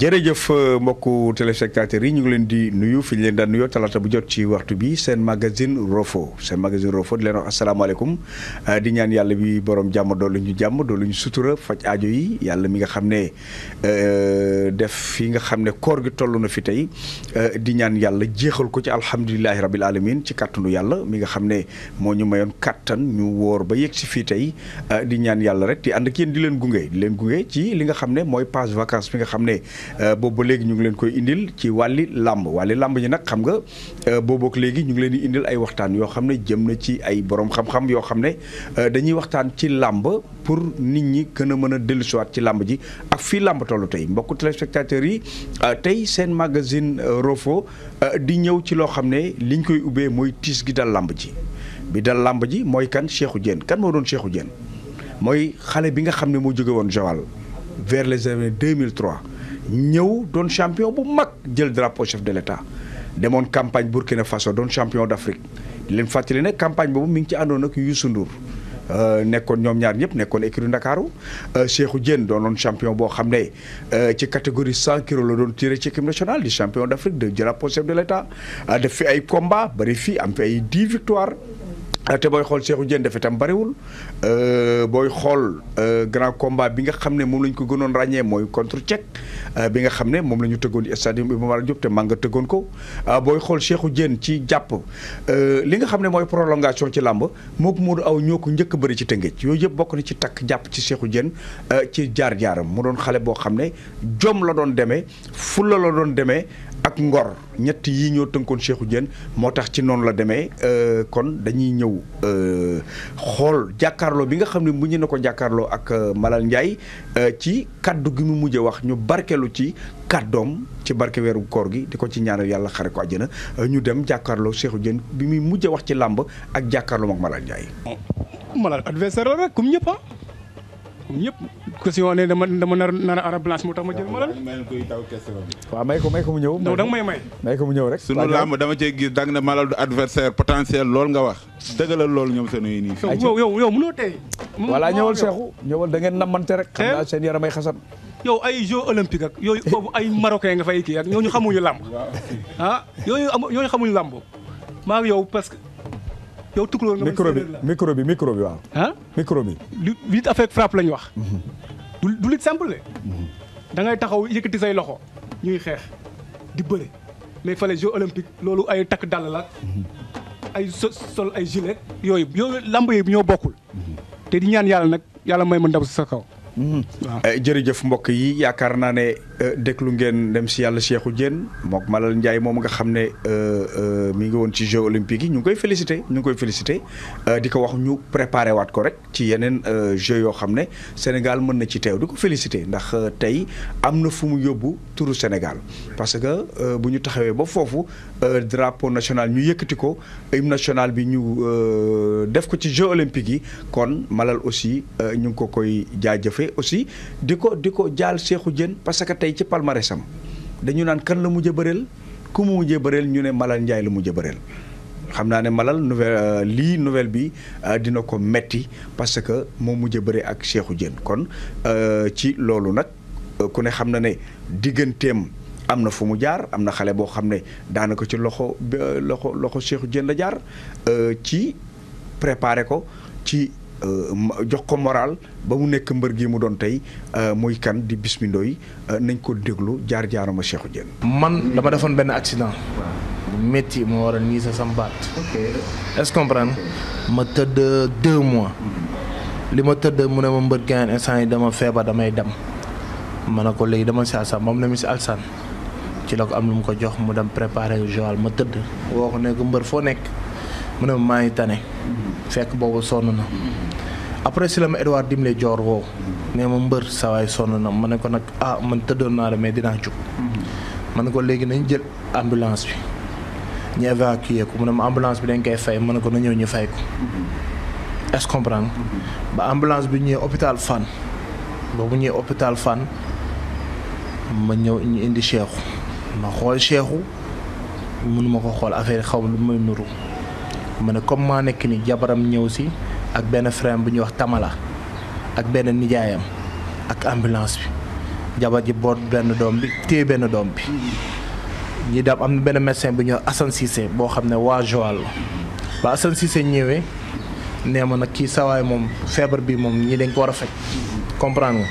jërëjëf euh, mbokku téléspectateurs yi ñu ngi leen di nuyu fi leen daan nuyoo talaata bu jot ci waxtu bi seen magazine Rofo seen magazine Rofo di leen wax asalaamaaleykum euh, di ñaan yàlla bi borom jàmm doolu ñu jàmm doolu ñu sutura faj aajo yi yàlla mi nga xam ne euh, def fi nga xam ne koor gi toll na fi tey di ñaan yàlla jeexal ko ci alhamdulilahi rabil alamin ci kattanu yàlla mi nga xam ne moo ñu mayoon kàttan ñu woor ba yegg si fii tey di ñaan yàlla rek di ànd ak yéen di leen gunge leen gunge ci li nga xam ne mooy passe vacances bi nga xam ne Euh, boobu léegi ñu ngi leen koy indil ci wàlli làmb wàlli làmb ji nag xam nga euh, boobook léegi ñu ngi leen di indil ay waxtaan yoo xam ne jëm na ci ay borom xam-xam yoo xam ne euh, dañuy waxtaan ci làmb pour nit ñi kën a mën a dellusiwaat ci làmb ji ak fii làmb tollu tey mbokku téléspectateurs yi tey seen magazine Roffo di ñëw ci loo xam ne liñ koy ubbee mooy tiis gi dal làmb ji bi dal làmb ji mooy kan Cheikhou Diène kan moo doon Cheikhou Diène mooy xale bi nga xam ne moo jóge woon Joal vers les années 2003 ñëw doon champion bu mag jël drapeau chef de l'état demoon campagne Burkina Faso doon champion d'Afrique di leen fàttali ne campagne boobu mi ngi ci àndoon ak Youssou Ndour euh, nekkoon ñoom ñaar ñëpp nekkoon écurie Ndakaaru euh, Cheikhou Diène doonoon champion boo xam ne euh, ci catégorie 100 kilos la doon tiré ci équipe nationale di champion d'Afrique de drapeau chef de l'état def fi ay combat bari fii am fi ay 10 victoires Ah, te booy xool Cheikhou Diène def itam bariwul euh, booy xool euh, grand combat bi nga xam ne moom la ko gënoon ràññee mooy contre Tchèque euh, bi nga xam ne moom la ñu tëggoon di stade Iba Mar Diop te Manga tëggoon ko ah, booy xool seexu Diène ci jàpp li nga xam ne mooy prolongation ci làmb mook Modou Aw ñoo ko njëkk bëri ci Tëngéej yooyu yëpp bokk na ci takk jàpp ci Cheikhou Diène ci jaar-jaaram mu doon xale boo xam ne jom la doon demee fulla la doon demee ak ngor ñett yi ñoo tënkoon Cheikhou Diène moo tax ci noonu la demee euh, kon dañuy ñëw euh, xool jàkkaarloo bi nga xam ne mujj na ko jàkkaarloo ak euh, Malal Ndiaye ci kàddu gi mu mujj wax ñu barkelu ci kàddoom ci barke weeru koor gi di ko ci ñaanal yàlla xare ko àjjana ñu dem jàkkaarloo Cheikhou jën bi muy mujj wax ci làmb ak jàkkaarloo ak Malal Ndiaye. ñëpp question ne dama dama nar a arab blanche moo tax ma jël ma lan. waaw may ko may ko mu ñëw. non danga may ko mu ñëw rek. sunu làmb dama cee gis dang na malal adversaire potentiel loolu nga wax. dëggalal loolu ñoom seen yi yow yow yow mënoo tey. voilà ñëwal Cheikhou ñëwal da namante rek. xam seen yaramay xasan. yow ay Jeux olympiques ak ay marocain nga fay kii ñooñu xamuñu làmb. ah xamuñu làmb maa yow parce que yow tukulóor nga micro bi micro micro bi waaw. ah micro bi. lutte avec frappe wax. Mhm. du du lutte mhm. dangay taxaw yëkkati say loxo ñuy xeex di bëre mais fële jeux olympique loolu ay takk dàll la mhm. ay sol ay gilet yooyu yooyu lamb yi ñoo bokkul te di ñaan yàlla nag yàlla may ma ndaw si sa kaw. waaw eh, jërëjëf mbokk yi yaakaar naa ne. Euh, déglu ngeen dem si yàlla Cheikhou Diène mook Malal Ndiaye moom nga xam ne euh, euh, mi ngi woon ci Jeux olympiques yi ñu ngi koy félicité ñu ngi koy félicité di ko wax ñu préparé waat ko rek ci yeneen Jeux yoo xam ne Sénégal mën na ci teew di ko félicité ndax tey am na fu mu yóbbu turu Sénégal parce que bu ñu taxawee ba foofu drapeau national ñu yëkkati ko hymne national bi ñu def ko ci Jeux olympiques yi kon Malal aussi ñu ngi ko koy jaajëfee aussi di ko di ko jaal Cheikhou Diène tey ci palmarèsam dañu naan kan la mujj bëreel ku mu mujjee bëreel ñu ne Malal Ndiaye la mujj bëreel xam naa ne Malal nouvelle euh, lii nouvelle bi euh, dina ko metti parce que moo mujj bëre ak Cheikhou Diène kon euh, ci loolu nag ku ne xam na ne digganteem am na fu mu jaar am na xale boo xam ne daanaka ci loxo loxo loxo Cheikhou Diène la jaar ci préparé ko ci Euh, jox ko moral ba mu nekk mbër gi mu doon tey euh, muy kan di Bismi Ndoye euh, nañ ko déglu jaar jaaro ma Cheikhou Diène man dama defoon benn accident. bu métti moo waral nii sa sam est-ce ma tëdd deux mois. li ma tëdd mu ne ma mbër gaan instant yi dama feebar damay dem. ma ne ko léegi dama si alsan moom la mu si alsan ci la ko am lu mu ko jox mu dem préparer Joal ma tëdd. woo ko nekk mbër foo nekk mu ne ma maa tane. fekk boobu sonn na après si la ma Edouard Dimle joor woo nee ma mbër sawaay sonn na ma ne ko nag ah man tëddoon naa la mais dinaa jóg ma ne ko léegi nañ jël ambulance bi ñu évacué ko mu ne ma ambulance bi dañ koy fay ma ne ko na ñëw ñu fay ko est-ce comprendre ba ambulance bi ñëwee hôpital Fann boobu ñëwee hôpital fan ma ñëw ñu indi Cheikhou ma xool Cheikhou mënuma ko xool affaire xaw ma lu may nuru ma ne comme maa nekk nii jabaram ñëw si ak benn frère bu ñuy wax Tamala ak benn nijaayam ak ambulance bi jabar ji boot benn doom bi téye benn doom bi ñi daam am na benn médecin bu ñu wax Assane boo xam ne waa Joal la ba Assane Cissé ñëwee nee ma nag kii sawaay moom feebar bi moom ñi dañ ko war a faj comprendre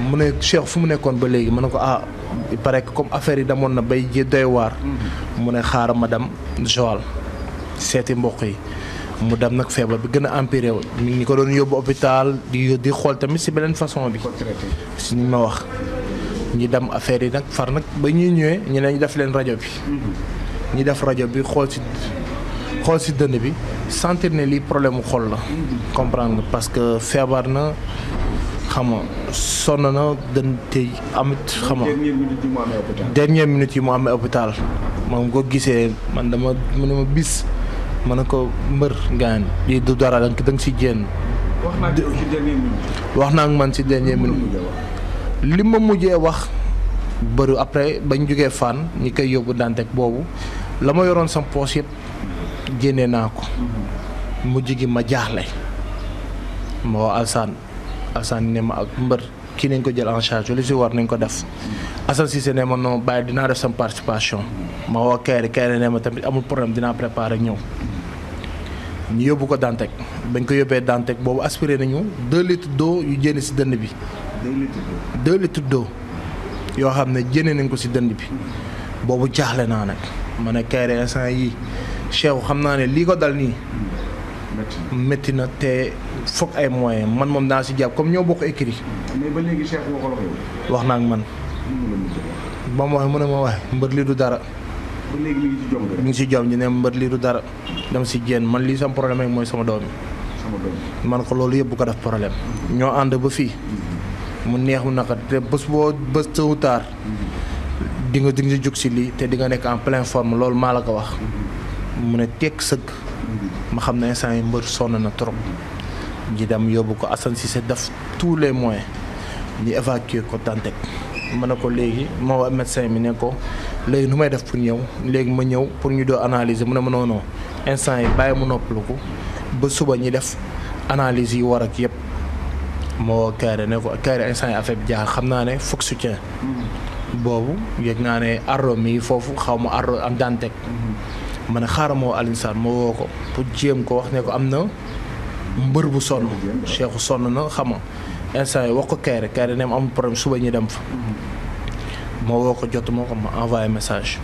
mu ne Cheikh fu mu nekkoon ba léegi mu ne ko ah il paraît comme affaire yi damoon na bay ji doy waar mm-hmm. mu ne xaaral ma dem Joal seeti mboq yi mu dem nag feebar bi gën a empiré wu ñu ko doon yóbbu hôpital di di xool tamit si beneen façon bi. si ni ma wax. ñu dem affaire yi nag far nag ba ñuy ñëwee ñu ne ñu def leen rajo bi. Mm-hmm. ñu def rajo bi xool si xool si dënn bi sentir ne lii problème mu xol la. Mm-hmm. comprendre parce que feebar na xam nga sonn na dën te amit xam nga dernière minute yi mu amee hôpital moom ko gisee man dama mu ne ma bis. ma ne ko mbër gaan lii du dara da nga si jéem. wax naa ci dernier wax naa man si dernier minute. li ma mujjee wax bëru après bañ jógee fan ñi koy yóbbu Dantec boobu la ma yoroon sam poos yëpp naa ko. Mhm. mujj gi ma jaaxle. ma woo Alsaan Alsaan ne ma ak mbër kii nañ ko jël en charge li si war nañ ko def. Mhm. Assane Cissé ne ma non bàyyi dinaa def sam participation. Mhm. ma woo Kayri Kayri ne ma tamit amul problème dinaa préparer ñëw. ñu yóbbu ko Dantec bañ ko yóbbee Dantec boobu aspiré nañu 2 litres d'eau yu jénn si dënn bi. 2 litres yoo xam ne jénne nañ ko si dënd bi boobu jaaxle naa nag ma ne Kayre instant yii Cheikh xam naa ne lii ko dal nii. metti na te foog ay moyens man moom naa si jàpp comme ñoo bokk écrit. léegi wax naa ak man. ba mu waxee mu ne ma waxee mbër li du dara. léegi mi ngi ngi ci jom ñu ne mbër lii du dara dem si jéen man lii sama problème rek mooy sama doom man ko loolu yëpp bu ko def problème ñoo ànd ba fii mhm. mu neex mu naka te bés boo bés tôt ou tard mhm. di nga di nga jug si lii te di nga nekk en pleine forme loolu maa la ko wax mhm. mu ne tekk sëgg ma xam na instant yi mbër sonn na trop ji dem yóbbu ko si Cissé def tous les moyens ñu évacuer ko Dantec ma ne ko léegi ma waa médecin bi ne ko léegi nu may def pour ñëw léegi ma ñëw pour ñu doo analyser mu ne ma noonu instant yi bàyyi mu noppalu ko ba suba ñi def analyse yi war ak yëpp ma woo Kaare ne ko Kaare instant yi affaire bi jaaxal xam naa ne foog soutien mm-hmm. boobu yëg naa ne arro mii foofu xaw ma arro am dantek mm-hmm. ma ne xaaral moo woo moo Sarr ko pour jéem ko wax ne ko am na mbër bu sonn Cheikh sonn na xama instant yi wax ko Kayre Kayre ne ma am problème suba ñu dem fa. ma woo ko jot ma ko ma envoyé message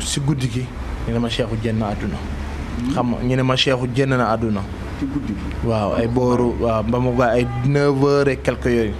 si guddi gi ñu ne ma Cheikhou génn na àdduna. ñu ne ma Cheikhou na àdduna. ci guddi gi waaw ay booru waaw ba mu ay 9h et quelque yooyu.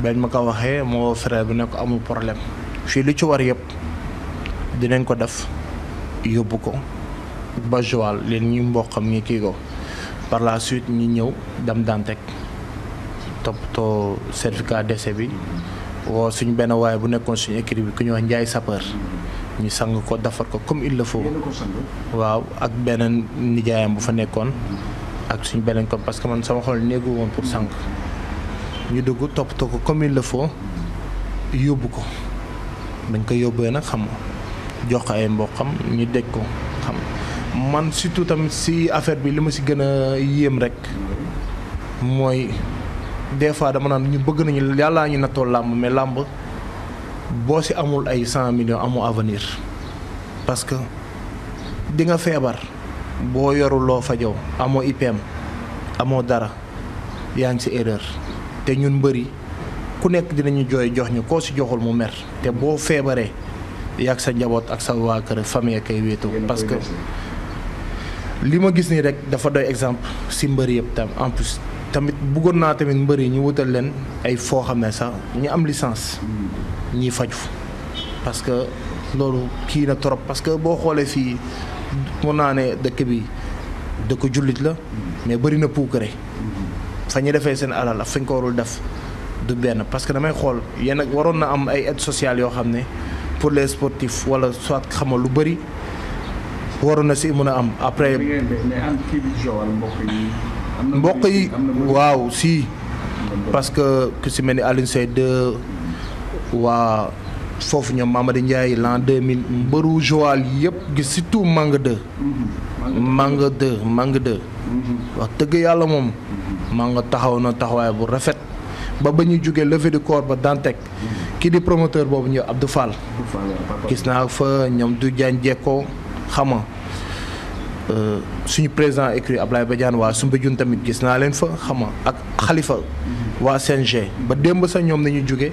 benn ma ko waxee moo frère bi ne ko amul problème fii lu ci war yëpp dinañ ko def yóbbu ko ba Joal leen ñi mboqam ñi kii ko par la suite ñi ñëw dem Dantec toppatoo certificat décès bi woo suñ benn waaye bu nekkoon suñu équipe bi ku ñuy wax njaay Sapeur ñu sang ko defar ko comme il le faut waaw ak beneen nijaayam bu fa nekkoon ak suñ beneen ko parce que man sama xol néegu woon pour sang ñu dugg toppatoo ko comme il le faut yóbbu ko dañ ko yóbbee nag xam jox ko ay mboqam ñu dégg ko xam man surtout tamit si affaire bi li ma si gën a yéem rek mooy des fois dama naan ñu bëgg nañu yàllaa ñu nattoo làmb mais làmb boo si amul ay cent millions amoo avenir parce que di nga feebar boo yoruloo fajoo amoo IPM amoo dara yaa ngi si erreur te ñun mbëri ku nekk dinañu jooy jox ñu koo si joxul mu mer te boo feebaree yàq sa njaboot ak sa waa kër famille kay wéetu parce que li ma gis nii rek dafa doy exemple si mbëri yëpp tam en plus tamit buggoon naa tamit mbëri yi ñu wutal leen ay foo xam ne sax ñu am licence ñiy faju parce que loolu kii na trop parce que boo xoolee fii mun naa ne dëkk bi dëkk jullit la mais bëri na puukare fa ñu defee seen alal ak fa ñu ko warul def du benn parce que damay xool yéen ak waroon na am ay aide sociale yoo xam ne pour les sportif wala soit xama lu bëri waroon na si mën a am après. mbokk yi waaw si parce que ku si mel ni Alioune Seye 2 waa foofu ñoom Mamadou Ndiaye l'an 2000 mbëru Joal yëpp gis surtout Manga 2 Manga 2 Manga 2 wax dëgg yàlla moom Manga taxaw na taxawaay bu rafet ba ba ñu jógee levée du corps ba Dantec kii di promoteur boobu ñu Abdou Fall gis naa fa ñoom du jaan jekkoo xama Euh, suñu président écrit Ablaye Badiane waa Soumbédioune tamit gis naa leen fa xama ak Khalifa waa g ba démb sa ñoom nañu jóge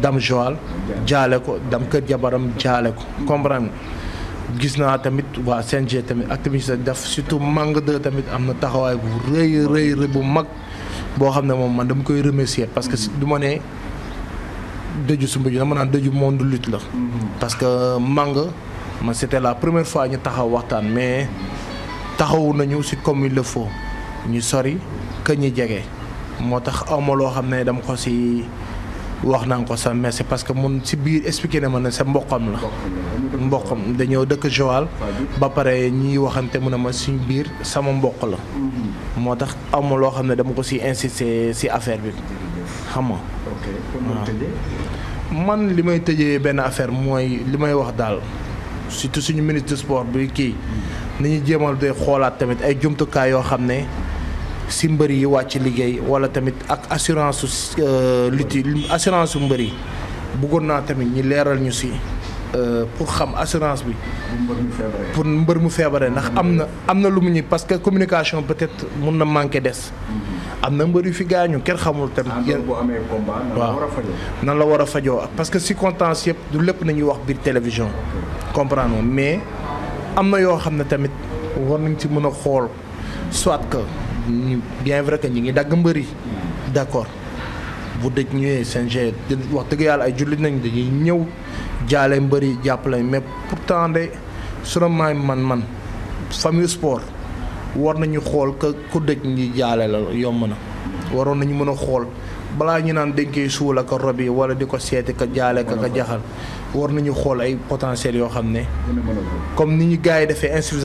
dam Joal jaale ko dam kër jabaram jaale ko comprendre gis naa tamit waa CNG tamit ak tamit sa def surtout Manga 2 tamit am na taxawaay bu rëy rëy bu mag boo xam ne moom man dama koy remercier parce que du ma ne dëju Soumbédioune dama naan dëju monde lutte la mm-hmm. parce que Manga man c'était la première fois ñu taxaw waxtaan mais taxawu nañu si comme il le faut ñu sori que ñu jege moo tax awma loo xam ne dama ko si wax naa ko sa mais c'est parce que mun si biir expliqué na ma ne sa mboqam la mboqam dañoo dëkk Joal ba pare ñiy waxante mun ne ma suñ biir sama mboq la moo tax awma loo xam ne dama ko si insisté si affaire bi xam nga man li may tëje benn affaire mooy li may wax daal surtout suñu ministre sport bi kii nañu jéemal de xoolaat tamit ay jumtukaay yoo xam ne si mbër yi wàcc liggéey wala tamit ak assurance su euh, lutti assurance su mbër bëggoon naa tamit ñi leeral ñu si euh, pour xam assurance bi. pour mbër mu feebaree ndax am na am na lu mu ñuy parce que communication peut-être mun na manqué des. am na mbër yu fi gaañu kenn xamul tamit. Ah, yéen waaw nan la war a fajoo parce que circonstance yëpp du lépp ñuy wax biir télévision. comprendre mais. am na yoo xam ne tamit war nañ ci mën a xool soit que ñu bien vrai que ñu ngi dagg mbëri d'accord bu dëj ñëwee CNG wax dëgg yàlla ay jullit nañ dañuy ñëw jaale mbëri jàppale mais pourtant de sunu maay man-man famille sport war nañu xool que ku dëj ñi jaale la yomb na waroon nañu mën a xool balaa ñu naan dañ koy la ak rob yi wala di ko seeti ka jaale ka ka jaxal war na nañu xool ay potentiel yoo xam ne comme ni ñu gars yi defee insuffisance